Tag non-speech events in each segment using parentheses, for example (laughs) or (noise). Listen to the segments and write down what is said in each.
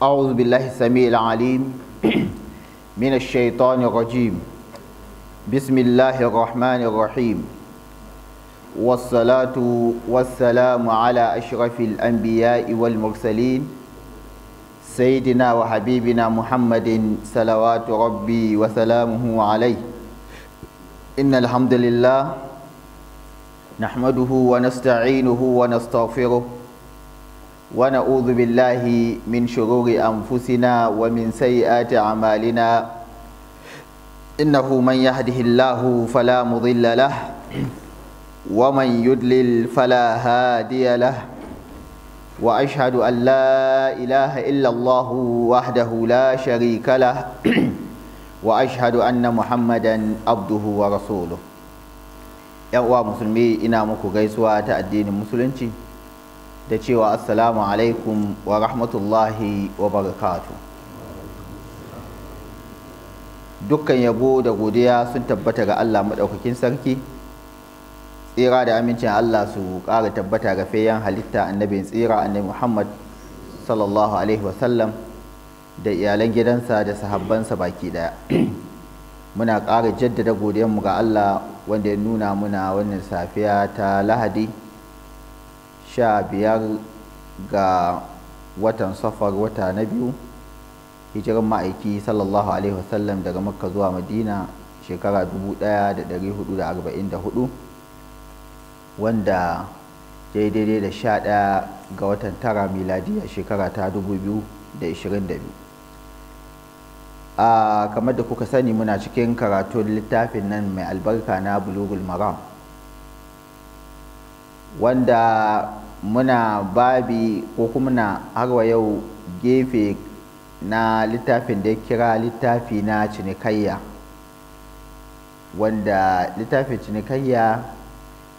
أعوذ بالله السميع العليم من الشيطان الرجيم بسم الله الرحمن الرحيم والصلاة والسلام على أشرف الأنبياء والمرسلين سيدنا وحبيبنا محمد صلوات ربي وسلامه عليه إن الحمد لله نحمده ونستعينه ونستغفره ونعوذ بالله من شرور أنفسنا ومن سيئات أعمالنا إنه من يهده الله فلا مضل له ومن يدلل فلا هادي له وأشهد أن لا إله إلا الله وحده لا شريك له وأشهد أن محمدا عبده ورسوله يا مسلمي إنا مكو غيسوا تأدين المسلمين da cewa assalamu alaikum wa rahmatullahi wa barakatu dukkan yabo da godiya sun tabbata ga Allah maɗaukakin sarki tsira da amincin Allah su ƙara tabbata ga fayan halitta annabin tsira annabi Muhammad sallallahu alaihi sallam da iyalan gidansa da sahabbansa baki ɗaya (clears throat) muna ƙara jaddada mu ga Allah wanda ya nuna muna wannan safiya ta lahadi sha biyar ga watan safar wata na biyu hijirar ma'aiki sallallahu alaihi wasallam daga makka zuwa madina shekara 1444 wanda ya daidai da sha ɗaya ga watan tara miladiya shekara ta 2022 a ah, kamar da kuka sani muna cikin karatun littafin nan mai albarka na bulugul maram wanda muna babi ko kuma na harwa yau gefe na littafin da ya kira littafi na cinikayya wanda littafin cinikayya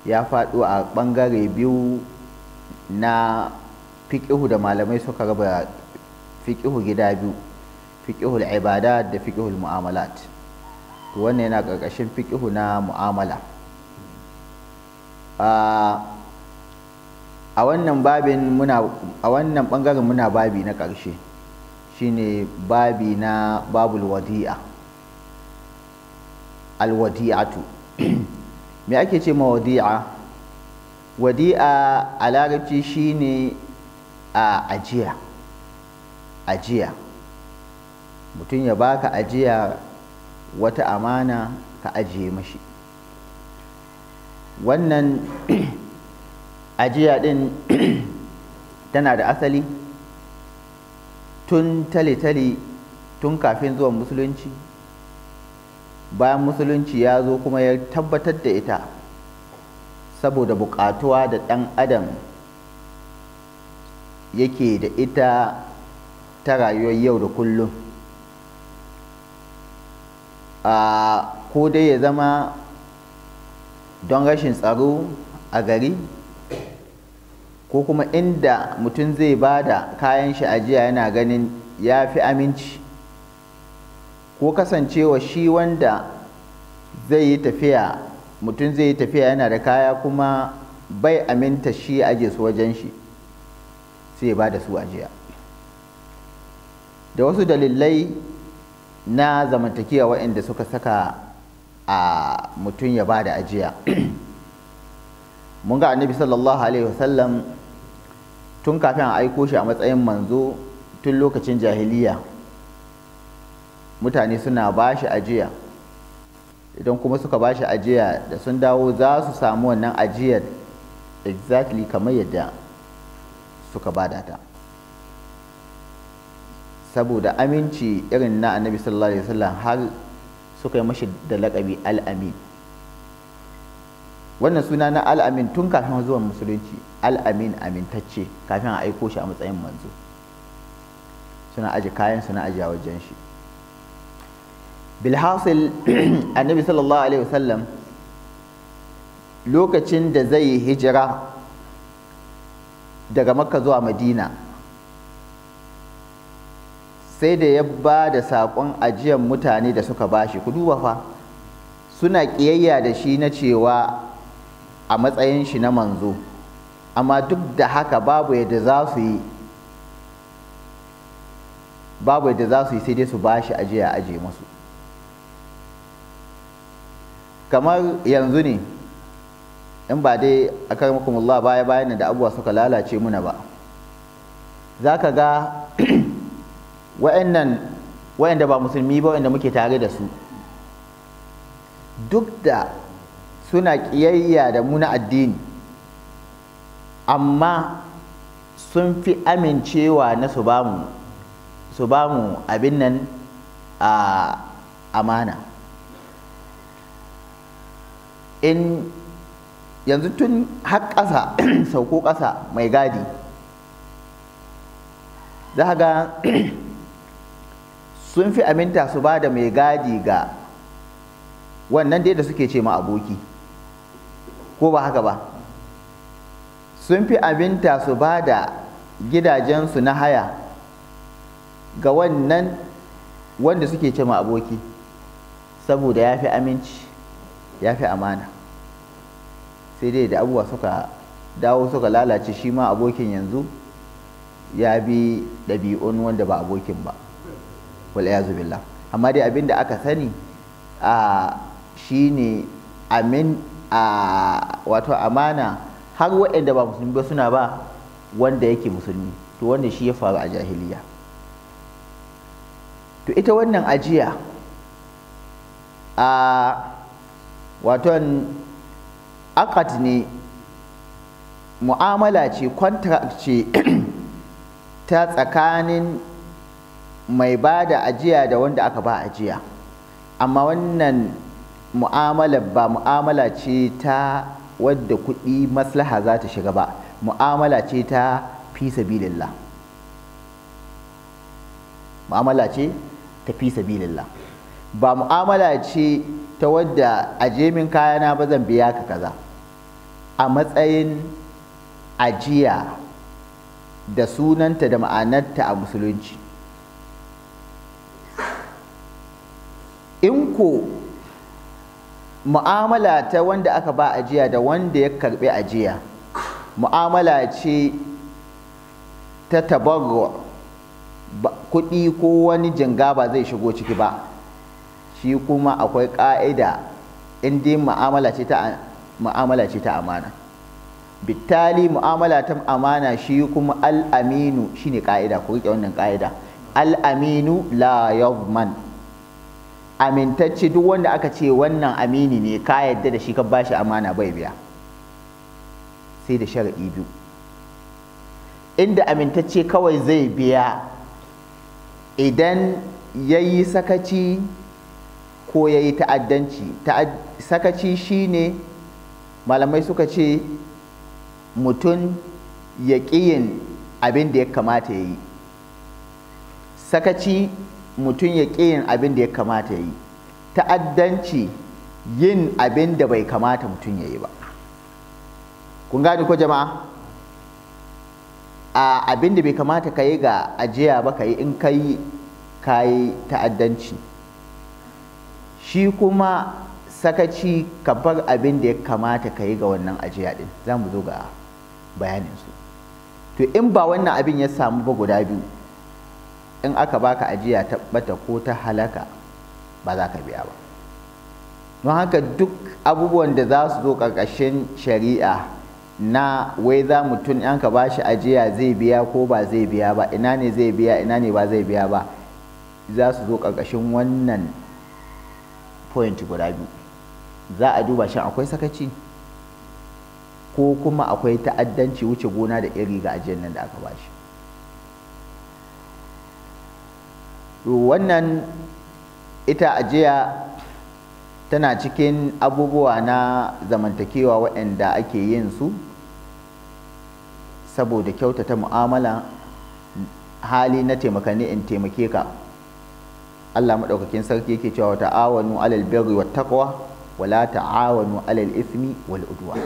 ya faɗo a ɓangare biyu na fiƙihu da malamai suka raba fiƙihu gida biyu fiƙihu ibada da fiƙihu mu'amalat to wannan yana ƙarƙashin fiƙihu na mu'amala ah, a wannan babin muna bangaren muna babi na ƙarshe shine babi na babul wadi'a alwadi'atu (clears throat) me ake ce ma wadi'a wadi'a a shine a ajiya ajiya mutum ya baka ajiya wata amana ka ajiye mashi wannan (clears throat) ajiya din (clears throat) tana da asali tun tali-tali tun kafin zuwan musulunci bayan musulunci ya zo kuma ya tabbatar da ita saboda buƙatuwa da ɗan adam yake da ita ta rayuwar yau da kullum a ko dai ya zama don rashin tsaro a gari ko kuma inda mutum zai ba da kayan shi ajiya yana ganin ya fi aminci ko kasancewa shi wanda zai yi tafiya mutum zai yi tafiya yana da kaya kuma bai aminta shi aje su wajen shi sai ba da su ajiya da wasu dalilai na zamantakewa waɗanda suka saka a mutum ya ba da ajiya (clears throat) mun ga annabi sallallahu alaihi wasallam tun kafin a aiko shi a matsayin manzo tun lokacin jahiliya mutane suna ba shi ajiya idan kuma suka ba shi ajiya da sun dawo za su samu wannan ajiyar exactly kamar yadda suka bada ta saboda aminci irin na annabi sallallahu alaihi wasallam har suka yi mashi da laƙabi al-amin wannan suna na al'amin tun kafin zuwan musulunci al'amin amintacce kafin a aiko shi a matsayin manzo suna aji kayan suna aji a wajen shi bilhassil (clears throat) annabi sallallahu alaihi wasallam lokacin da zai yi hijira daga makka zuwa madina sai da ya ba da saƙon ajiyar mutane da suka bashi ku duba fa suna kiyayya da shi na cewa a matsayin shi na manzo amma duk da haka babu yadda za su yi babu yadda za su yi sai dai su ba shi ajiya aje musu kamar yanzu ne in ba dai a karmakumullah baya bayan da abuwa suka lalace muna ba za ka ga (clears throat) wa'annan wa'anda ba musulmi ba wa'anda muke tare da su duk da suna ƙiyayya da mu na addini amma sun fi amincewa na su bamu mu abin nan a amana in yanzu tun har ƙasa (clears throat) sauko ƙasa mai gadi za ga (clears throat) sun fi aminta su ba da mai gadi ga wannan dai da suke ce ma aboki ko ba haka ba sun fi abinta su ba da gidajensu na haya ga wannan wanda suke ce ma aboki saboda ya fi aminci ya fi amana sai dai da abubuwa suka dawo suka lalace shi ma abokin yanzu ya bi ɗabi'un wanda ba abokin ba wal'ayazu billah amma dai abin da aka sani a shine amin a wato amana har waɗanda ba musulmi ba suna ba wanda yake musulmi to wanda shi ya faru a jahiliya to ita wannan ajiya a waton akat ne mu'amala ce contract ce (clears throat) ta tsakanin mai ba da ajiya da wanda aka ba ajiya amma wannan mu'amala ba mu'amala ce ta wadda kuɗi maslaha za ta shiga ba mu'amala ce ta fi sabilillah mu'amala ce ta fi sabilillah ba mu'amala ce ta wadda a min kayana ba zan biya ka kaza a matsayin ajiya da sunanta da ma'anarta a musulunci in ko mu'amala ta wanda aka ba ajiya da wanda ya karbi ajiya mu'amala ce ta tabarru kuɗi ko wani jinga ba zai shigo ciki ba shi kuma akwai ƙa'ida in dai mu'amala ce ta mu'amala ce ta amana bittali mu'amala ta amana shi kuma al'aminu shine ƙa'ida ku riƙe wannan ƙa'ida al'aminu la yadhman amintacce duk wanda aka ce wannan amini ne ka yadda da shi ka bashi amana bai biya sai da sharaɗi biyu inda amintacce kawai zai biya idan ya yi sakaci ko ya yi ta'addanci sakaci shi ne malamai suka ce mutum ya ƙiyin abin da ya kamata ya yi sakaci mutum ya ƙi yin abin da ya kamata ya yi ta'addanci yin abin da bai kamata mutum ya yi ba kun gane ko jama'a a abin da bai kamata ka yi ga ajiya ba ka yi in ka yi ka ta'addanci shi kuma sakaci ka bar abin da ya kamata ka yi ga wannan ajiya din za mu zo ga bayaninsu to in ba wannan abin ya samu ba guda biyu in aka baka ajiya ta bata ko ta halaka ba za ka biya ba don haka duk abubuwan da za su zo ƙarƙashin shari'a na wai za mutum in ka ba shi ajiya zai biya ko ba zai biya ba ina ne zai biya ina ne ba zai biya ba za su zo ƙarƙashin wannan point guda biyu za a duba shi akwai sakaci ko kuma akwai ta'addanci wuce gona da iri ga ajiyar nan da aka ba shi wannan ita ajiya tana cikin abubuwa na zamantakewa waɗanda ake yin su saboda kyautata mu'amala hali na taimakani in taimake ka Allah maɗaukakin sarki yake cewa ta'awanu alal birri wa taqwa wala ta'awanu alal ismi wal udwa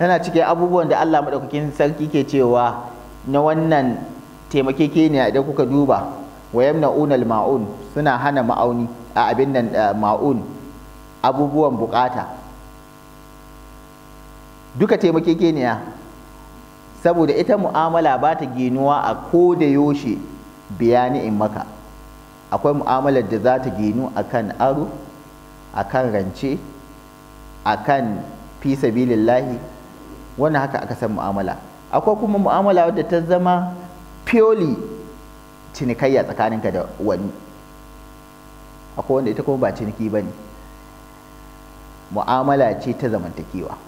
tana cikin abubuwan da Allah maɗaukakin sarki ke cewa na wannan taimakekeniya idan kuka duba wa yamna'una ma'un suna hana ma'auni a abin nan eh, ma'un abubuwan bukata duka taimakekeniya saboda ita mu'amala ba ta ginuwa a ko da yoshe bayani in maka akwai mu'amalar da za ta ginu akan aro akan rance akan fi sabilillahi wannan haka aka san mu'amala akwai kuma mu'amala wadda ta zama purely cinikayya tsakaninka da wani akwai wanda ita kuma ba ciniki ba ne mu'amala ce ta zamantakewa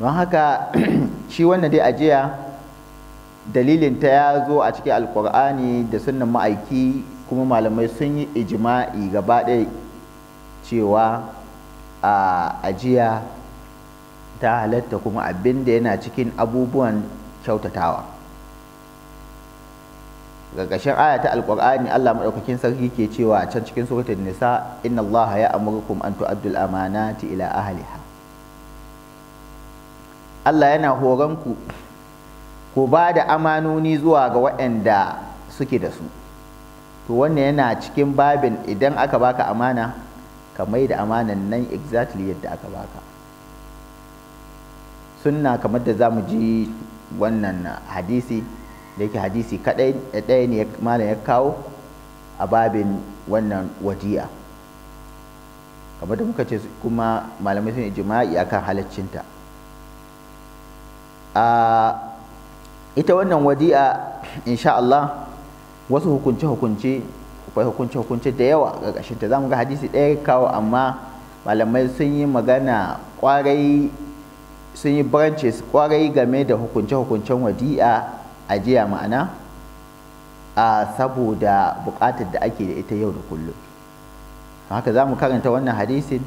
don haka (clears throat) shi wannan dai ajiya dalilin ta ya zo a cikin alkur'ani da sunan ma'aiki kuma malamai sun yi ijima'i gaba ɗaya cewa a ajiya ta halatta kuma abinda yana cikin abubuwan kyautatawa gaggashin aya ta Allah maɗaukakin sarki ke cewa can cikin suratul nisa inna Allah ya amurkum an tu'addul amanati ila ahliha Allah yana horon ku ku ba da amanoni zuwa ga waɗanda suke da su to wannan yana cikin babin idan aka baka amana ka mai da amanan nan exactly yadda aka baka sunna kamar da za mu ji wannan hadisi da yake hadisi kadai ɗaya ne malam ya kawo a babin wannan wadi'a kamar da muka ce kuma malamai sun jima'i akan halaccinta a ita wannan wadi'a insha Allah wasu hukunce-hukunce akwai hukunce-hukunce da yawa ga ƙarƙashinta za mu ga hadisi ɗaya kawo amma malamai sun yi magana kwarai. sun yi branches kwarai game da hukunce-hukuncen wadi'a a jiya ma'ana a saboda bukatar da ake da ita yau da kullum haka za mu karanta wannan hadisin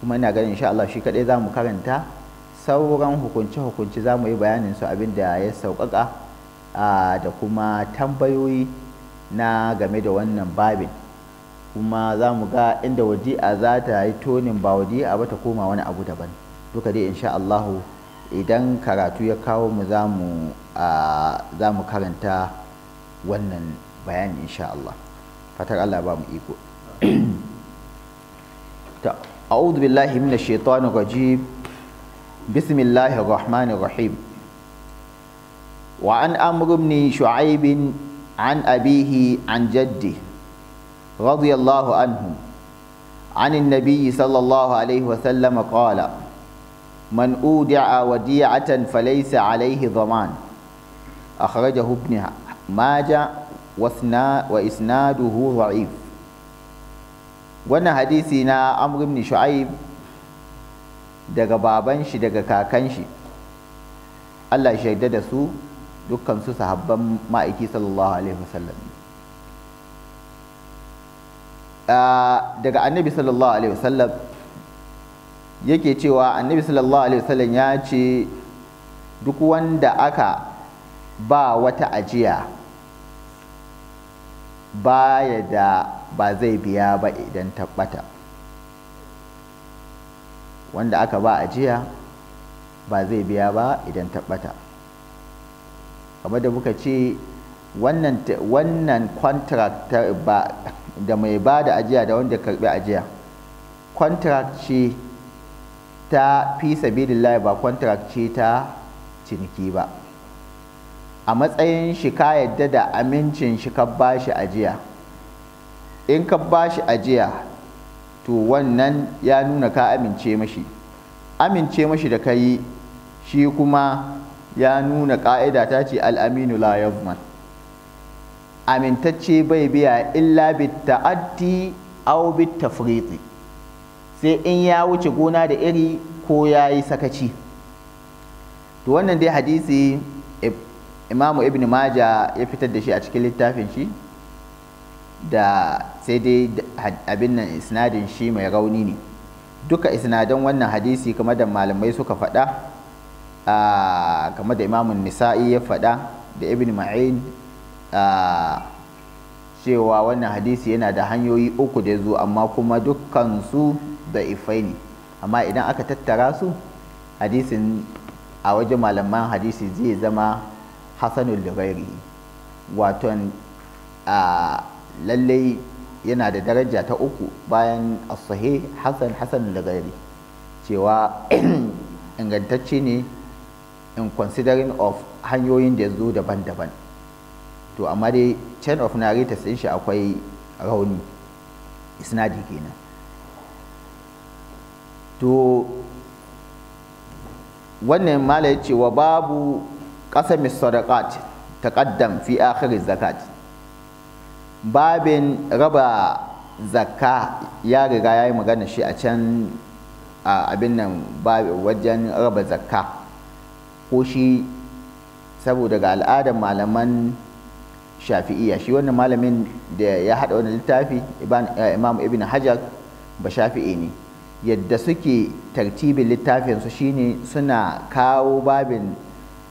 kuma ina ganin insha Allah shi kaɗai za mu karanta sauran hukunce-hukunce za mu yi bayanin su abin da ya sauƙaƙa da kuma tambayoyi na game da wannan babin kuma za mu ga inda wadi'a za ta yi tonin ba wadi'a ba ta koma wani abu daban duka dai insha Allahu idan karatu ya kawo mu za mu karanta wannan bayani insha Allah fatar Allah ba mu iko أعوذ بالله من الشيطان الرجيم بسم الله الرحمن الرحيم وعن أمر بن شعيب عن أبيه عن جده رضي الله عنه عن النبي صلى الله عليه وسلم قال من أودع وديعة فليس عليه ضمان أخرجه ابن ماجة وإسناده ضعيف wannan hadisi na amr ibn shu'aib daga baban shi daga kakan shi Allah shaida da su dukkan su sahabban ma'aiki sallallahu alaihi wasallam ah, daga annabi sallallahu alaihi wasallam yake cewa annabi sallallahu alaihi wasallam ya ce duk wanda aka ba wata ajiya baya da ba zai biya ba idan tabbata wanda aka ba ajiya ba zai biya ba idan tabbata kamar da muka ce wannan wannan contract da mai ba da ajiya da wanda karbi ajiya contract ce ta fi sabilillahi ba contract ce ta ciniki ba a matsayin shi ka yadda da amincin shi ka bashi ajiya in ka bashi ajiya to wannan ya nuna ka amince mashi amince mashi da ka yi shi kuma ya nuna ƙa'ida ta ce al'aminu la amintacce bai biya illa bit ta'addi au bit tafriqi sai in ya wuce gona da iri ko ya yi sakaci to wannan dai hadisi imamu ibn maja ya fitar da shi a cikin littafin shi da sai dai abin nan isnadin shi mai rauni ne duka isnadin wannan hadisi kamar da malamai suka faɗa kamar da imamun nisa'i ya faɗa da ibn ma'in cewa wannan hadisi yana da hanyoyi uku da ya zo amma kuma dukkan su ifai ne amma idan aka tattara su hadisin a wajen malaman hadisi zai zama hasanul lirairi waton a lallai yana da daraja ta uku bayan asahi hasan hasan lirairi cewa (clears throat) ingantacce ne in considering of hanyoyin da zo daban-daban to amma dai chain of narrators din shi akwai rauni isnadi kenan to wannan mala ya ce wa babu ƙasami ta ƙaddam fi akhir zakat babin raba zakka ya riga ya yi magana shi a can a abin nan wajen raba zakka ko shi saboda ga al'adar malaman shafi'iya shi wannan malamin da ya haɗa wani littafi eh, imam ibn hajar ba shafi'i ne yadda suke tartibin littafinsu shine suna kawo babin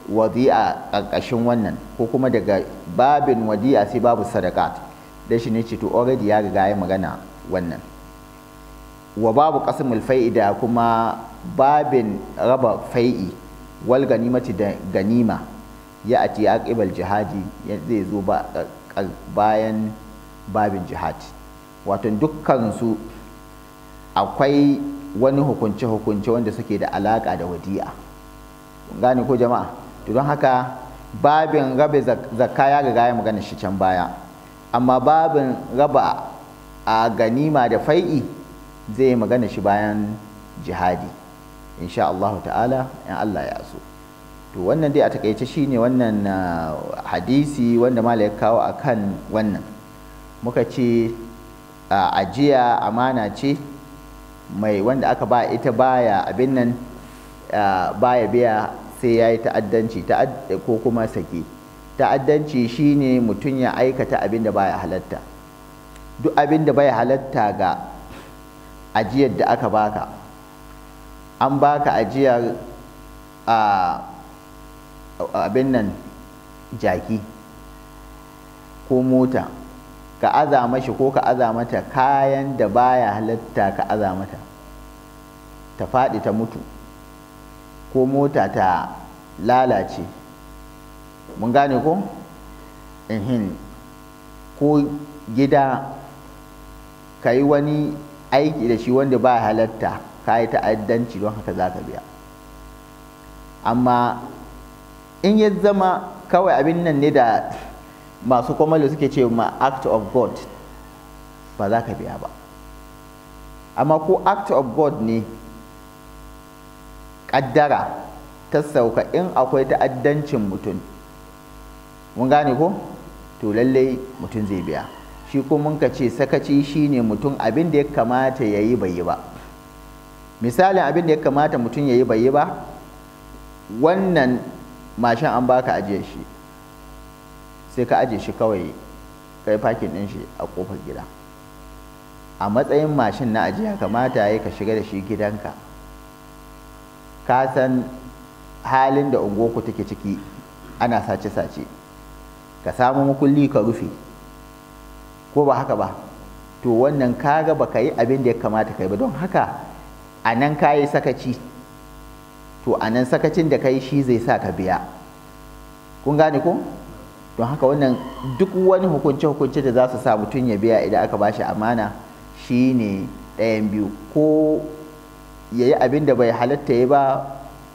wadi'a ƙarƙashin wannan ko kuma daga babin wadi'a sai babu sadaka, da shi ne ce to already ya riga ya magana wannan wa babu qasimul fai'i da kuma babin raba fai'i wal ganimati da ganima ya ce aqibal jihadi zai zo bayan babin jihad wato dukkan su akwai wani hukunce-hukunce wanda suke da alaƙa da wadi'a gane ko jama'a to don haka babin rabe zakka ya riga ya magana shi can baya amma babin raba a ganima da fai'i zai yi magana shi bayan jihadi insha Allah ta'ala in Allah ya so to wannan dai a takaice shine wannan ah, hadisi wanda mala ya kawo akan wannan muka ce ah, ajiya amana ce mai wanda aka ba ita baya abin nan baya biya sai ya yi ta'addanci ko kuma sake ta'addanci shine mutum ya aikata abin da baya halatta duk abin da baya halatta ga ajiyar da aka baka an baka ajiyar a abin nan jaki ko mota ka aza mashi ko ka aza mata kayan da baya halatta ka aza mata ta faɗi ta mutu ko mota ta lalace mun gane ko ehin ko gida ka yi wani aiki da shi wanda ba halatta ka yi ta'addanci don haka za ka biya amma in ya zama kawai abin nan ne da masu kwamalo suke ce ma act of god ba za ka biya ba amma ko act of god ne ƙaddara ta sauka in akwai ta'addancin mutum mun gane ko to lallai mutum zai biya shi ko mun ka ce sakaci shine mutum abin da ya kamata ya yi bai yi ba misalin abin da ya kamata mutum ya yi bai yi ba wannan mashin an baka ajiyar shi sai ka aje shi kawai kai fakin ɗin shi a kofar gida a matsayin mashin na ajiya kamata ya ka shiga da shi gidanka ka san halin da ungoku take ciki ana sace-sace ka samu makulli ka rufe ko ba haka ba to wannan kaga baka yi abin da ya kamata kai ba don haka a nan ka yi sakaci to a nan sakacin da ka yi shi zai sa ka biya kun gane ko? don haka wannan duk wani hukunce-hukunce da za su sa mutum ya biya idan aka ba shi amana shi ne ɗayan biyu ko ya yi abin da bai halatta ya ba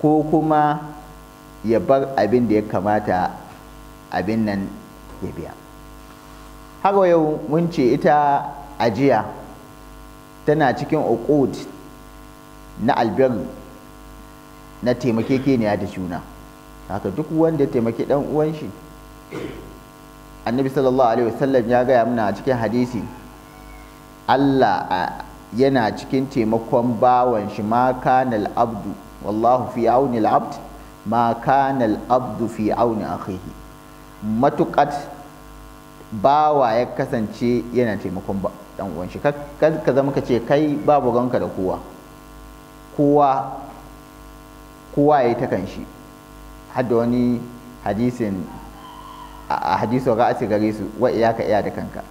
ko kuma ya bar abin da ya kamata abin nan ya biya haka yau mun ce ita ajiya tana cikin uqud na albir na taimakekeniya da juna haka duk wanda ya taimaki ɗan uwan shi annabi sallallahu alaihi wasallam ya gaya mana a cikin hadisi Allah yana cikin taimakon bawan shi ma kanal abdu wallahu fi auni ma kanal abdu fi auni akhihi matukat bawa ya kasance yana taimakon dan uwan shi ka zama ka ce kai babu ganka da kowa kowa kowa yayi ta kan shi hadda wani hadisin a hadisu ga asi gare su wa iyaka iya da kanka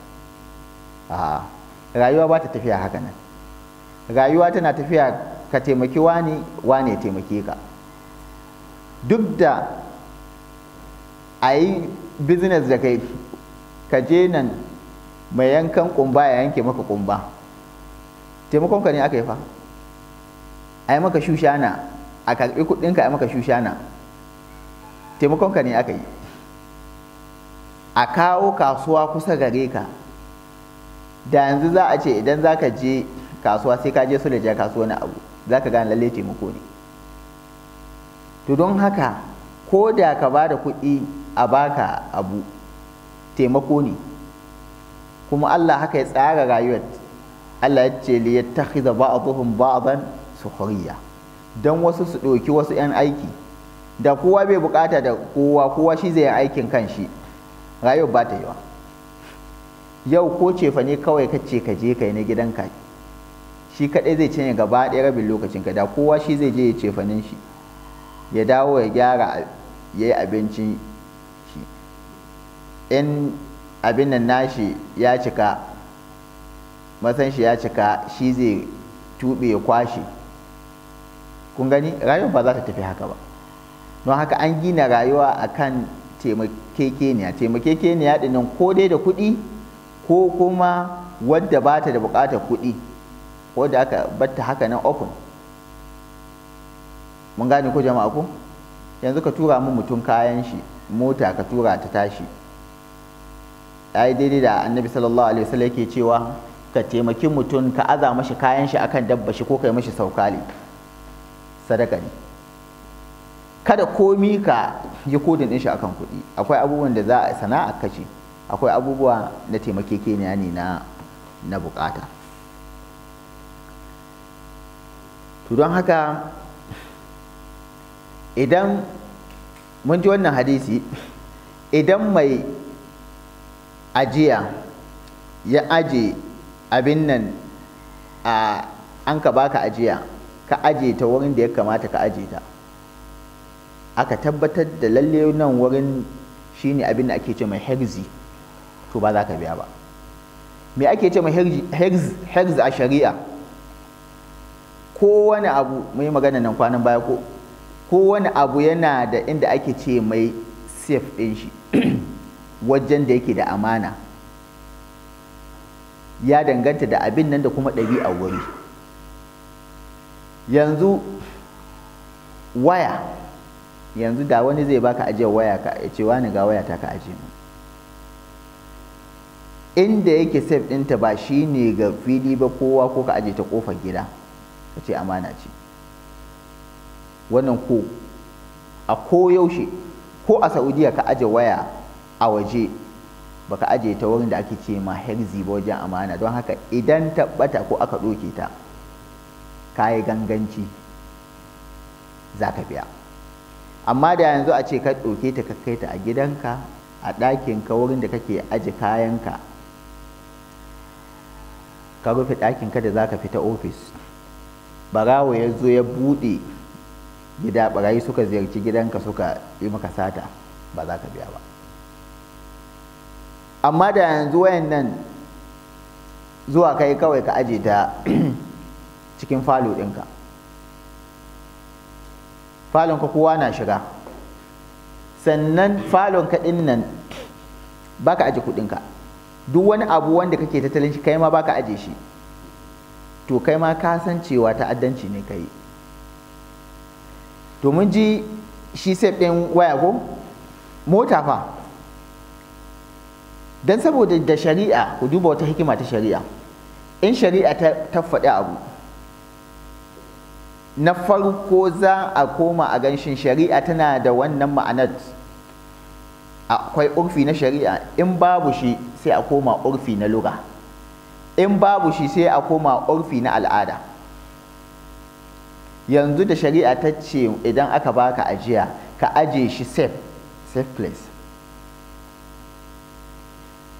a rayuwa ba ta tafiya haka nan rayuwa tana tafiya ka taimaki wani wane ya taimake ka duk da a yi business da kai ka je nan mai yankan kumba ya yanke maka kumba taimakon ka ne aka yi fa a yi maka shushana a karɓi kuɗinka a yi maka shushana taimakon ka ne aka yi a kawo kasuwa kusa gare ka da yanzu za a ce idan za ka je kasuwa sai ka je su da kasuwa na abu za ka gane lalle taimako ne to don haka ko da ka ba da kuɗi a baka abu taimako ne kuma Allah haka ya tsara rayuwar Allah ya ce li yattakhidha ba'dhum ba'dan sukhriya dan wasu su ɗauki wasu 'yan aiki da kowa bai bukata da kowa kowa shi zai yi aikin shi. rayuwar ba ta yawa yau ko cefa ne kawai ka ce ka je kai na gidanka shi kaɗai zai cinye gaba ɗaya rabin lokacin ka da kowa shi zai je ya cefanin shi ya dawo ya gyara ya yi abincin shi in abin nan nashi ya cika masan shi ya cika shi zai tuɓe ya kwashe kun gani rayuwar ba za ta tafi haka ba don haka an gina rayuwa akan taimakekeniya taimakekeniya dinnan ko dai da kuɗi ko kuma wadda ba ta da buƙatar kuɗi ko da aka batta haka nan open mun gane ko jama'a ko yanzu ka tura min mutum kayan shi mota ka tura ta tashi ai daidai da annabi sallallahu alaihi wasallam yake cewa ka taimaki mutum ka aza mashi kayan shi akan dabba shi ko kai mashi saukali sadaka ne kada komi ka yi kodin ɗin shi akan kuɗi akwai abubuwan da za a sana'a kashi, akwai abubuwa na taimakekeniya ne na na bukata to don haka idan mun ji wannan hadisi idan mai ajiya ya aje abin nan a an ka baka ajiya ka aje ta wurin da ya kamata ka aje ta aka tabbatar da lalle nan wurin shine abin da ake ce mai herzi to ba za ka biya ba me ake ce mai herzi a shari'a kowane abu mai magana nan kwanan baya ko kowane abu yana da inda ake ce mai safe ɗin shi (clears throat) wajen da yake da amana ya danganta da abin nan da kuma a wuri yanzu waya yanzu da wani zai baka ajiyar waya ka ya ce wani ga waya ta ka ajiye inda yake sef ɗinta ba shi ne ga fili ba kowa ko ka aje ta kofar gida ka ce amana ce wannan ko a koyaushe ko a saudiya ka aje waya a waje ba ka aje ta wurin da ake ce ma herzi ba wajen amana don haka idan ta bata ko aka ɗoke ta ka yi ganganci za ka biya amma da yanzu a ce ka ɗauke ta ka kai ta a gidanka a ɗakinka wurin da kake aji kayanka ka rufe ɗakinka da za ka fita ofis barawo ya zo ya buɗe gida barayi suka ziyarci gidanka suka yi maka sata ba za ka biya ba amma da yanzu wayannan zuwa kai kawai ka aje ta (clears throat) cikin falo ɗinka falon ka kowa na shiga sannan falon ka din nan baka aje kudin ka duk wani abu wanda kake tattalin shi kai ma ka aje shi to kai ma ka san cewa ta'addanci ne kai to mun ji shi sai ɗin waya ko mota fa don saboda da shari'a ku duba wata hikima ta shari'a in shari'a ta faɗi abu na farko za a koma a ganshin shari'a tana da wannan ma'anar akwai urfi na shari'a in babu shi sai a koma urfi na lura in babu shi sai a koma urfi na al'ada yanzu da shari'a ta ce idan aka baka ajiya ka aje shi safe safe place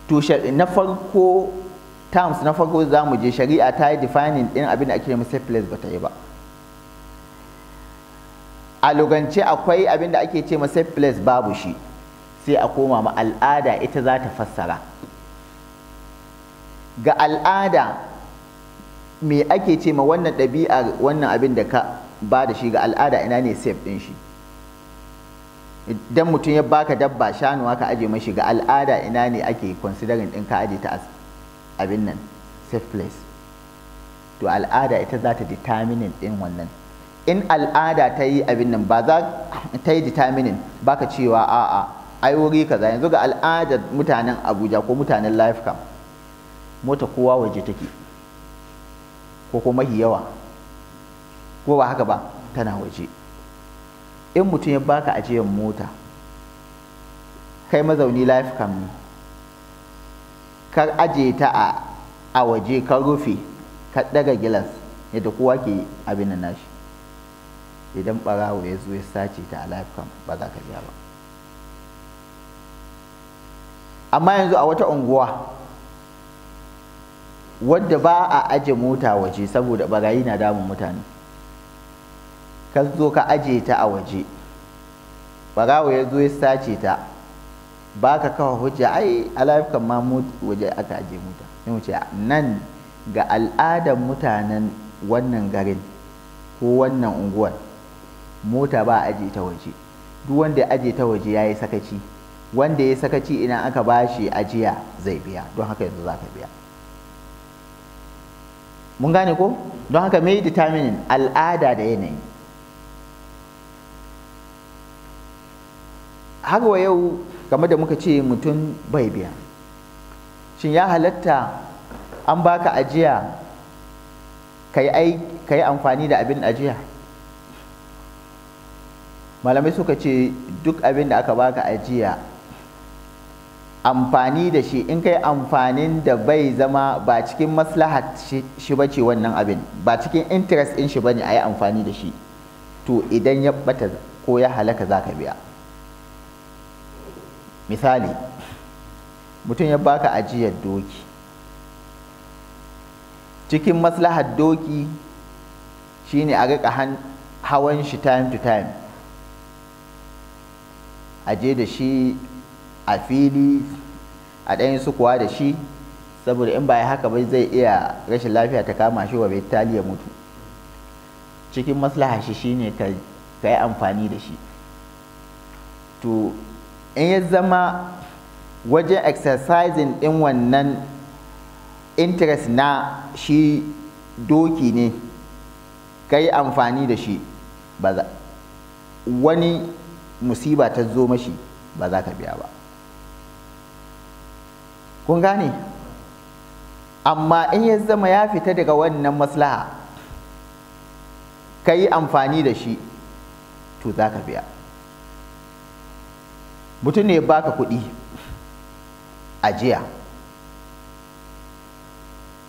to na farko terms na farko za mu je shari'a ta yi defining din abin da ake safe place ba ta yi ba a lugance akwai abin da ake ce ma safe place babu shi sai a koma ma al'ada ita za ta fassara ga al'ada me ake ce ma wannan ɗabi'a wannan abin da ka ba da shi ga al'ada ina ne safe ɗin shi idan mutum ya baka dabba shanuwa ka aje mashi ga al'ada ina ne ake considering ɗin ka aje ta abin nan safe place to al'ada ita za ta determining ɗin wannan in al'ada ta yi abin nan ba za ta yi determining ka cewa a'a ai wuri kaza yanzu ga al'adar mutanen abuja ko mutanen life camp mota kowa waje take ko kuma yawa ko ba haka ba tana waje in mutum ya baka ajiyar mota kai mazauni life camp ne kar aje ta a waje kan rufe ka daga gilas yadda kowa ke abin nashi idan barawo ya zo ya sace ta a life camp ba za ka biya ba amma yanzu a wata unguwa wadda ba a aje mota waje saboda barayi na damun mutane ka zo ka aje ta a waje barawo ya zo ya sace ta ba ka kawo hujja ai a life camp ma waje aka aje mota nan ga al'adar mutanen wannan garin ko wannan unguwar mota ba aje ta waje duk wanda ya aje ta waje ya yi sakaci wanda ya sakaci idan aka ba shi ajiya zai biya don haka yanzu za ka biya mun gane ko don haka mai determining al'ada da yanayi haka wa yau game da muka ce mutum bai biya shin ya halatta an baka ajiya ka yi amfani da abin ajiya malamai suka ce duk abin da aka baka ajiya amfani da shi in kai amfanin da bai zama ba cikin maslaha shi ba ce wannan abin ba cikin interest in shi ba ne a yi amfani da shi to idan ya bata ko ya halaka za ka biya misali mutum ya baka ajiyar doki cikin maslahar doki shine a riƙa hawan shi time to time a je da shi a fili a ɗayan su kuwa da shi saboda in ba haka ba zai iya rashin lafiya ta kama shi wa bai mutu cikin maslaha shi shine ka yi amfani da shi to in ya zama wajen exercising ɗin wannan interest na shi doki ne ka yi amfani da shi ba wani musiba ta zo mashi ba za ka biya ba kun gane amma in ya zama ya fita daga wannan maslaha ka yi amfani da shi to za ka biya mutum ne baka kuɗi a jiya.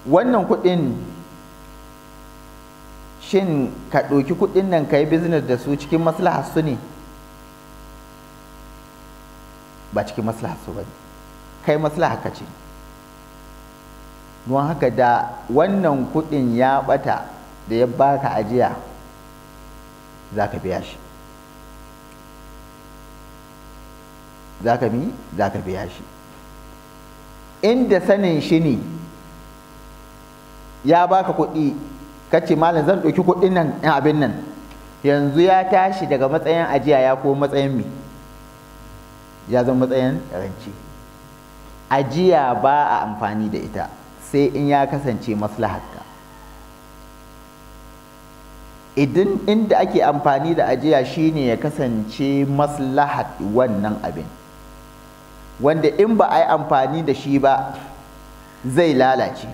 wannan kuɗin shin ka ɗauki kuɗin nan ka yi biznes da su cikin maslaha su ne ba cikin maslaha su bane kai maslaha ka ce don haka da wannan kuɗin ya ɓata da ya baka ajiya za ka biya shi za ka mi za ka biya shi inda sanin shi ne ya baka kuɗi ka ce malam zan ɗauki kuɗin nan abin nan yanzu ya tashi daga matsayin ajiya ya ko matsayin mi ya zama matsayin ranci ajiya ba a amfani da ita sai in ya kasance maslahatka idan inda ake amfani da ajiya shine ya kasance maslahat wannan abin wanda in ba a yi amfani da shi ba zai lalace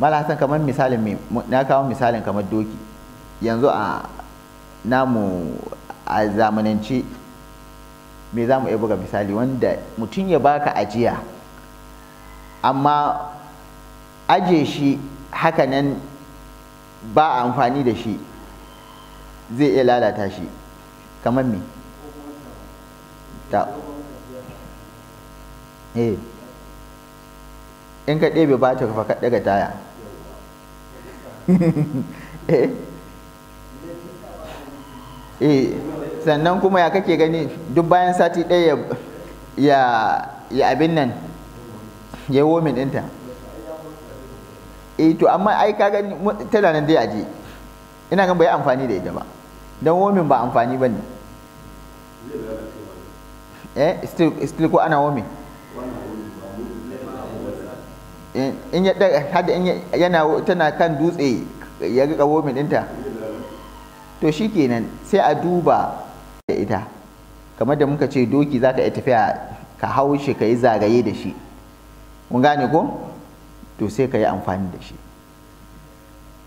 malasan kamar misalin na kawo misalin kamar doki yanzu a namu a zamanance me za mu iya buga misali wanda mutum ya baka ajiya amma aje shi hakanan ba amfani da shi zai iya lalata shi kamar me eh. in ka ɗebe ba ta ka daga taya (laughs) eh, eh. sannan kuma ya kake gani duk bayan sati ɗaya ya ya abin nan ya womin ɗinta eh to amma ai ka gani tana nan dai aje ina gan bai amfani da ita ba dan womin ba amfani ba ne eh still still ko ana womin in ya hada in yana tana kan dutse ya ga womin ɗinta to shikenan sai a duba da ita kamar da muka ce doki za ka iya tafiya ka hau shi ka yi zagaye da shi kun gane ko to sai ka yi amfani da shi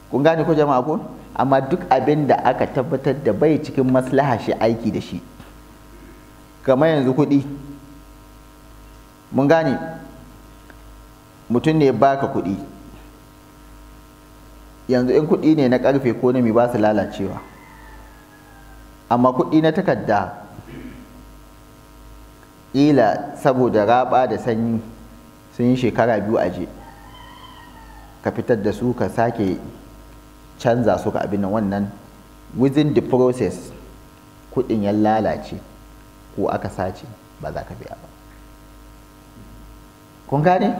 kun gane ko jama'a ko amma duk abin da aka tabbatar da bai cikin maslaha shi aiki da shi kamar yanzu kuɗi mun gane mutum ne baka kuɗi yanzu in kuɗi ne na ƙarfe ko na mai ba su lalacewa amma kuɗi na takarda ila saboda raba da sanyi sun yi shekara biyu aje ka fitar da su ka sake canza su ka abin wannan within the process kuɗin ya lalace ko aka sace ba za ka biya ba kun gane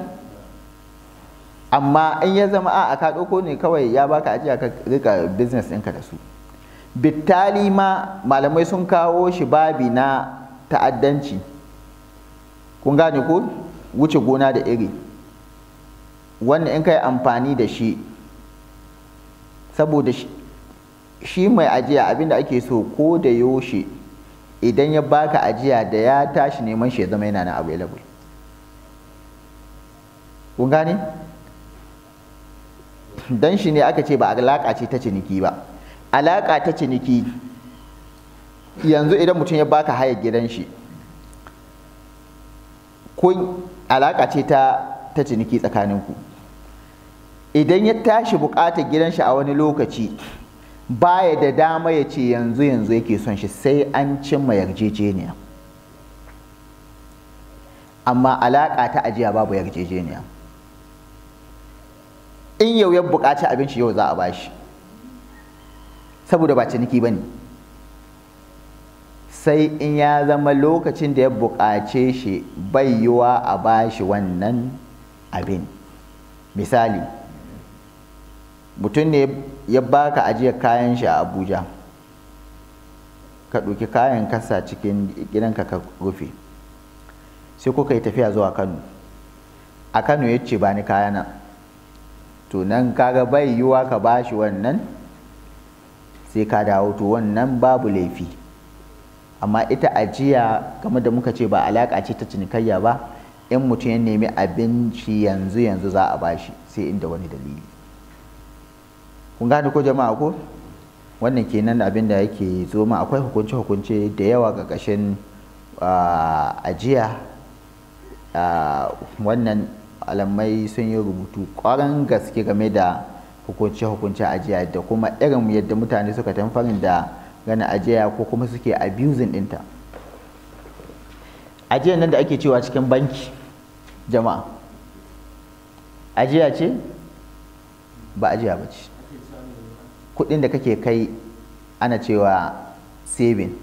amma in ya zama a ka ɗauko ne kawai ya baka ajiya ka rika business ɗinka da su bittali ma malamai sun kawo shi babi na ta'addanci kun gane ko wuce gona da iri wannan in ka yi amfani da shi saboda shi mai ajiya abinda ake so ko da yaushe idan ya baka ajiya da ya tashi neman shi ya zama yana na available kun gane dan shi ne aka ce ba alaƙa ce ta ciniki ba alaƙa ta ciniki yanzu idan mutum ya baka haya gidan shi kun alaƙa ce ta ciniki tsakaninku idan ya tashi buƙatar gidan shi a wani lokaci baya da dama ya ce yanzu yanzu yake son shi sai an cimma yarjejeniya amma alaƙa ta ajiya babu yarjejeniya in yau ya buƙaci abinci yau za a bashi saboda ba ciniki ba ne sai in ya zama lokacin da ya buƙace shi yiwa a bashi wannan abin misali mutum ne ya baka ajiyar kayan shi a abuja ka ɗauki kayan kasa cikin gidanka ka rufe sai kuka yi tafiya zuwa kano a kano ya ce ba ni kayana to nan kaga bai yiwa ka bashi wannan sai ka dawo to wannan babu laifi amma ita ajiya game da muka ce ba alaƙa ce ta cinikayya ba in mutum ya nemi abinci yanzu yanzu za a bashi sai inda wani dalili kun gane ko jama'a ko wannan kenan abin da yake zo ma akwai hukunce hukunce da yawa ga ƙashin ajiya wannan alamai sun yi rubutu ƙwarar gaske game da hukunce-hukunce ajiya da kuma irin yadda mutane suka tamfarin da gana ajiya ko kuma suke abusing ɗinta ajiyar nan da ake cewa cikin banki jama'a ajiya ce ba ajiya ba ce kudin da kake kai ana cewa saving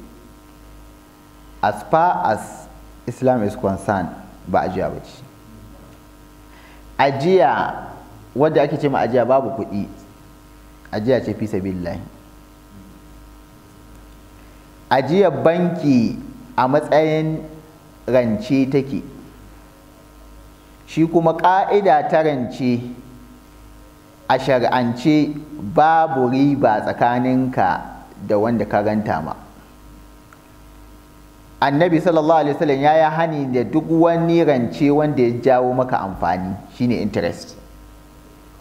as far as islam is concerned ba ajiya ba ce ajiya Wanda ake ce ma ajiya babu kuɗi ajiya ce fi sabilillahi ajiyar banki a matsayin rance take shi kuma ƙa'ida ta rance a shar'ance babu riba tsakanin ka da wanda ka ranta ma annabi sallallahu alaihi wasallam ya yi hani da duk wani rance wanda ya jawo maka amfani shine interest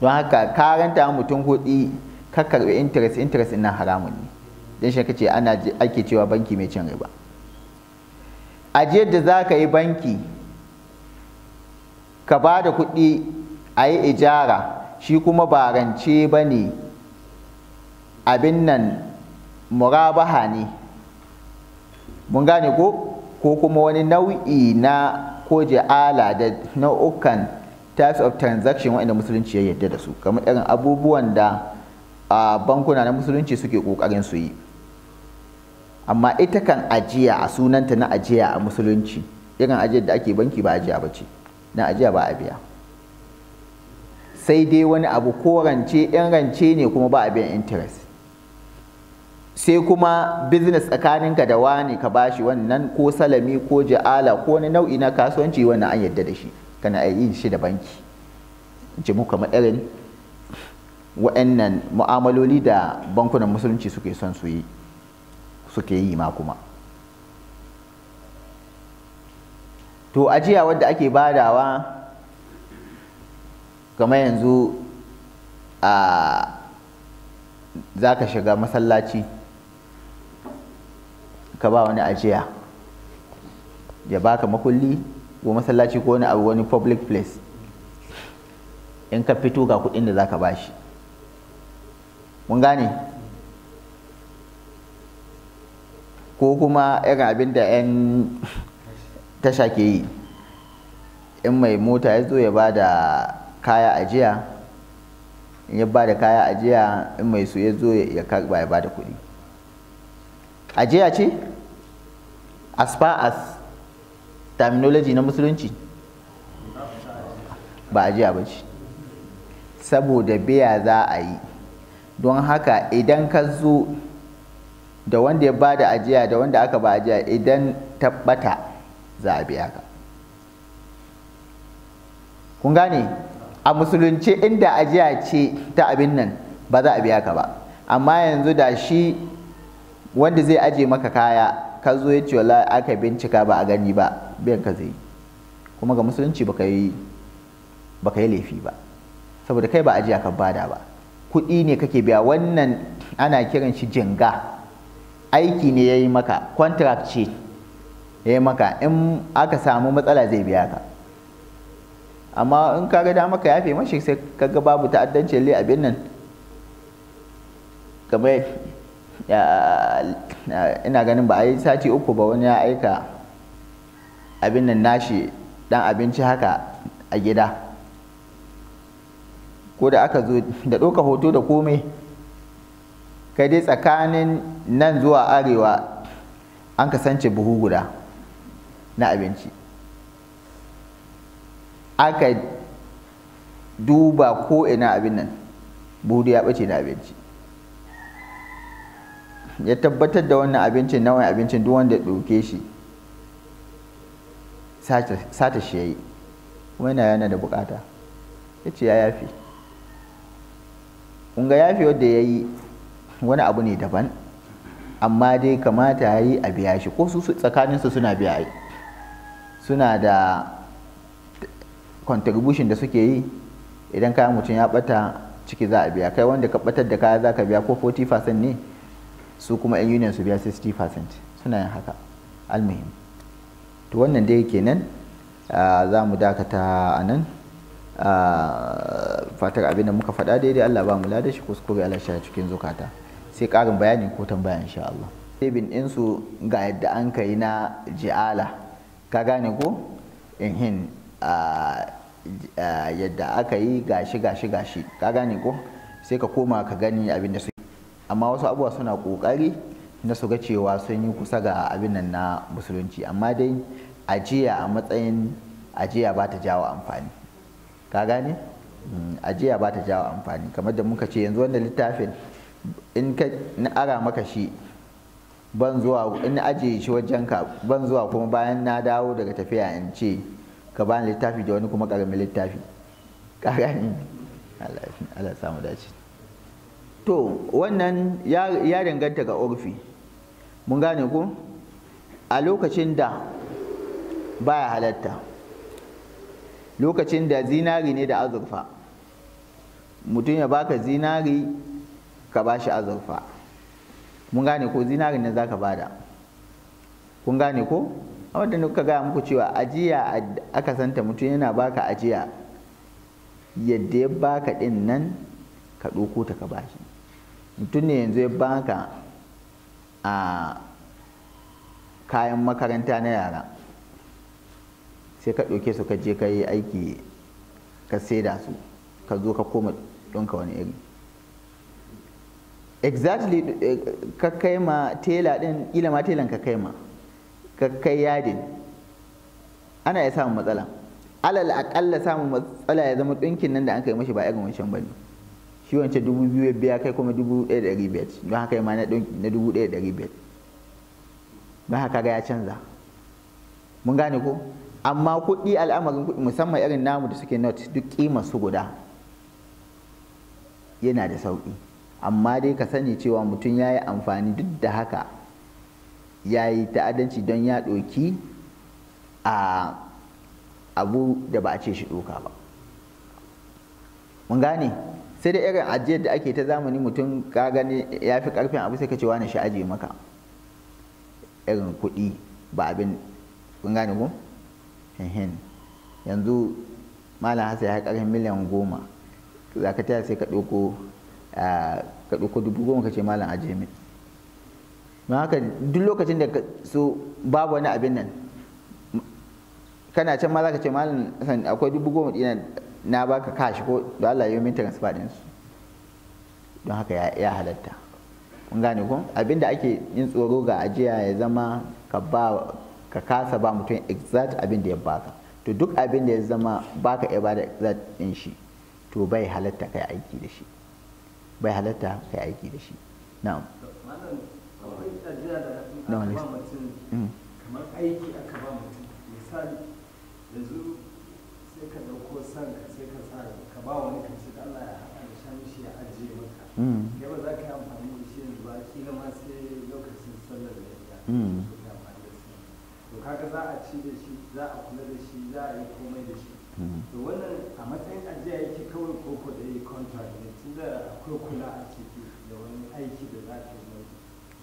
don haka karanta mutum kuɗi ka karɓi interest interest ina haramun ne don shi kace ana ake cewa banki mai cin riba Ajiye da za ka yi banki ka ba da kuɗi a yi ijara shi kuma ba rance ba ne abin nan murabaha ne mun gane ko ko kuma wani nau'i na ko ala da nau'ukan types of transaction wa'inda musulunci ya yadda da su kamar irin abubuwan da a bankuna na musulunci suke kokarin su yi amma ita kan ajiya a sunanta na ajiya a musulunci irin ajiyar da ake banki ba ajiya ba ce na ajiya ba a biya sai dai wani abu ko rance in rance ne kuma ba a biyan interest sai kuma business tsakaninka da wani ka bashi wannan ko salami ko ja'ala ko wani nau'i na kasuwanci wannan an yadda da shi kana a yin shi da banki jimu kamar irin wa'annan mu'amaloli da bankunan musulunci suke son su yi suke yi ma kuma to ajiya wadda ake badawa kamar yanzu a za ka shiga masallaci ka ba wani ajiya ya baka makulli ko masallaci ko wani abu wani public place in ka fito ga kuɗin da zaka bashi mun gane ko kuma irin abin da 'yan tasha ke yi in mai mota ya zo ya ba da kaya ajiya in ya ba da kaya ajiya in mai su ya zo ya karba ya ba da kuɗi ajiya ce as far as terminology na musulunci ba ajiya ba ce saboda biya za a yi don haka idan ka zo da wanda ya ba da ajiya da wanda aka ba ajiya idan tabbata za a biya ka kun gane a musulunci inda ajiya ce ta abin nan ba za a biya ka ba amma yanzu da shi wanda zai aje maka kaya ka zo ya ce wala aka bincika ba a gani ba biyan ka zai kuma ga musulunci ba ka yi laifi ba saboda kai ba ajiya ka bada ba kuɗi ne kake biya wannan ana kiran shi jinga aiki ne ya yi maka contract ce ya yi maka in aka samu matsala zai biya ka amma in ka ga dama ka yafe mashi sai ka ga babu ta'addancin lai abin nan kamar ina ganin ba a yi sati uku ba wani ya aika abin nan nashi dan abinci haka a gida ko da aka zo da ɗauka hoto da komai kai dai tsakanin nan zuwa arewa an kasance buhu guda na abinci aka duba ko ina abin nan buhu ya ɓace na abinci ya tabbatar da wannan abincin nawa abincin duk wanda ɗauke shi sata shi ya yi kuma yana yana da bukata ya ce ya yafi kunga yafi wadda ya yi wani abu ne daban amma dai kamata ya yi a biya shi ko su tsakaninsu suna biya yi suna da contribution da suke yi idan kayan mutum ya bata ciki za a biya kai wanda ka batar da kaya za ka biya ko 40% ne su kuma 'yan union su biya 60% suna yin haka almuhim to wannan dai kenan za mu dakata a nan fatar abin da muka faɗa daidai Allah ba mu lada shi kuskure Allah shi cikin zukata sai ƙarin bayani ko tambaya insha Allah bin ɗinsu ga yadda an kai na ji'ala ka gane ko inhin yadda aka yi gashi gashi gashi ka gane ko sai ka koma ka gani abin da su amma wasu abubuwa suna ƙoƙari na su ga cewa sun yi kusa ga abin nan na musulunci amma dai ajiya a matsayin ajiya ba ta jawo amfani ka gane mm, ajiya ba ta jawo amfani kamar da muka ce yanzu wanda littafin in ka na ara maka shi ban zuwa in ajiye shi wajen ka ban zuwa kuma bayan na dawo daga tafiya in ce ka bani littafi da wani kuma karamin littafi ka gane Allah samu dace to wannan ya danganta ga urfi mun gane ku a lokacin da baya halatta lokacin da zinari ne da azurfa mutum ya baka zinari ka bashi azurfa mun gane ko zinari ne zaka bada kun gane ko a wadda nuka gaya muku cewa ajiya aka santa mutum yana baka ajiya yadda ya baka din nan ka ɗauko ta ka bashi mutum ne yanzu ya baka a kayan makaranta na yara sai ka ɗauke su ka je ka yi aiki ka saida su ka zo ka koma ɗonka wani iri exactly eh, ka kai ma tela ɗin ila ma telan ka kai ma ka kai yadin ana ya samun matsala alal aƙalla samun matsala ya zama ɗinkin nan da an kai mashi ba irin wancan ba ne shi wancan dubu biyu ya biya kai kuma dubu ɗaya da biyar, don haka ma na dubu ɗaya da biyar. don haka ga ya canza mun gane ko amma kuɗi al'amarin kuɗi musamman irin namu da suke not duk kima su guda yana da sauƙi amma dai ka sani cewa mutum ya yi amfani duk da haka ya yi ta'adanci don ya ɗoki a abu da ba a ce shi ɗoka ba mun gane sai da irin ajiyar da ake ta zamani mutum ka gani ya fi karfin abu sai ka ce wani shi ajiye maka irin kuɗi ba abin kun gane hin yanzu malam hasa ya karfin miliyan goma za ka taya sai ka ɗauko ka ɗauko dubu goma ka ce malam ajiye min don haka duk lokacin da so babu wani abin nan kana can ma za ka ce malam akwai dubu goma ɗina na baka kashi ko da Allah yomin transfer din su don haka ya halatta kun gane ko abinda ake yin tsoro ga ajiya ya zama ka ba ka kasa ba mutum exact abin da ya baka to duk abin da ya zama baka ya bada exact din shi to bai halatta kai aiki da shi bai halatta kai aiki da shi na'am da hmm. kamar aiki aka ba mutum misali yanzu ba wani ka da Allah ya haɗa da shan shi ya ajiye maka hmm. kai ba za ka yi amfani da shi yanzu ba ki ma sai lokacin sallar da ya hmm. to kaga za a ci da shi za a kula da shi za a yi komai da shi hmm. to wannan a matsayin ajiya yake kawai ko ko da yi contract ne tunda akwai kula a ciki da wani aiki da za ka yi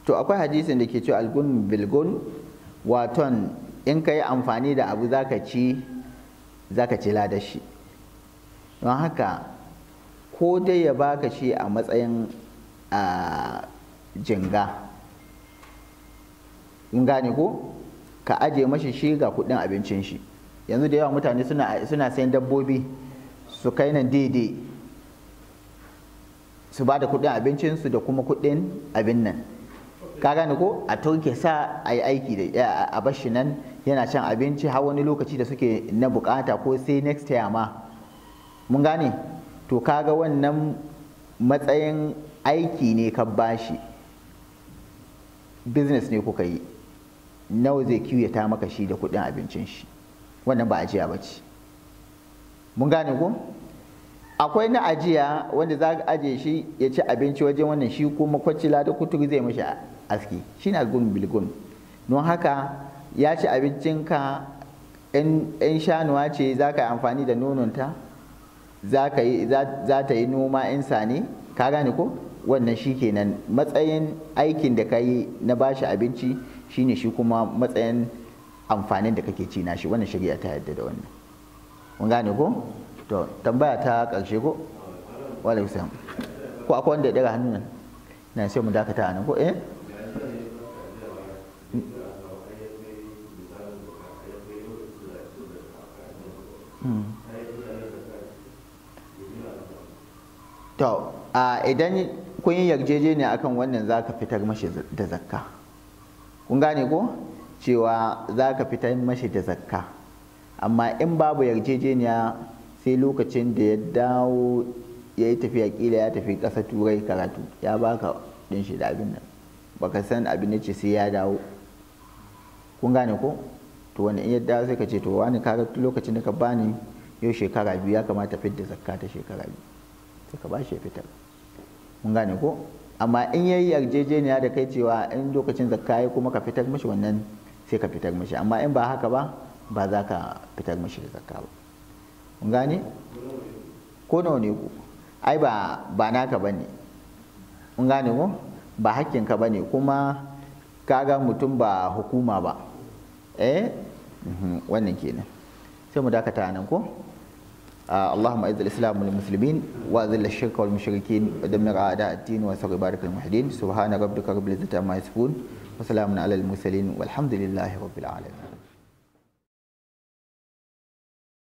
to akwai hadisin da ke cewa algun bilgun waton in ka yi amfani da abu za ka ci za ka ci ladashi don haka ko dai ya baka shi a matsayin a jinga in gane ko ka aje mashi shi ga kudin abincin shi yanzu da yawa mutane suna sayan dabbobi su kai nan daidai su ba da kudin abincinsu da kuma kudin abin nan ka gane ko a turke sa a yi aiki da a bashi nan yana cin abinci har wani lokaci da suke na bukata ko sai next year ma mun gane to kaga wannan matsayin aiki ne ka bashi business ne kuka yi nawa zai ta maka shi da kudin abincin shi wannan ba ajiya ba ce mun gane ku? akwai na ajiya wanda za ka ajiye shi ya ci abinci wajen wannan shi kuma kwacila da kuturu zai mashi aski shi na gun bilgun don haka ya ci abincinka 'yan shanuwa ce za ka yi amfani da nononta za ta yi noma in ne ka gane ko wannan shi kenan matsayin aikin da ka yi na bashi abinci shine shi kuma matsayin amfanin da kake ci shi wannan shari'a ta yadda da wannan mun gane ko to tambaya ta karshe ko walaikum salam ko akwai wanda ya daga hannun nan na sai mu dakata nan ko eh to idan kun yi yarjejeniya akan wannan za ka fitar mashi da zakka kun gane ko cewa za ka fitar mashi da zakka amma in babu yarjejeniya sai lokacin da ya dawo ya yi tafiya kila ya tafi ƙasa turai karatu ya baka din shi da abin nan baka san abin da ce sai ya dawo kun gane ko to wani in ya dawo sai ka ce to wani karatu lokacin da ka bani yau shekara biyu ya kamata fidda zakka ta shekara biyu Ka ba shi ya fitar mun gane ko amma in yayi yarjejeniya da kai cewa in lokacin zakka yi kuma ka fitar mishi wannan sai ka fitar mishi amma in ba haka ba ba za ka fitar mishi da zakka ba mun gane ko nawa ne ku ai ba ba naka bane mun gane ko ba ka bane kuma kaga mutum ba hukuma ba eh mhm. wannan kenan sai mu dakata nan ko آه، اللهم اعز الاسلام والمسلمين واذل الشرك والمشركين ودمر اعداء الدين وانصر بارك المحدين سبحان ربك رب العزه عما يصفون وسلام على المرسلين والحمد لله رب العالمين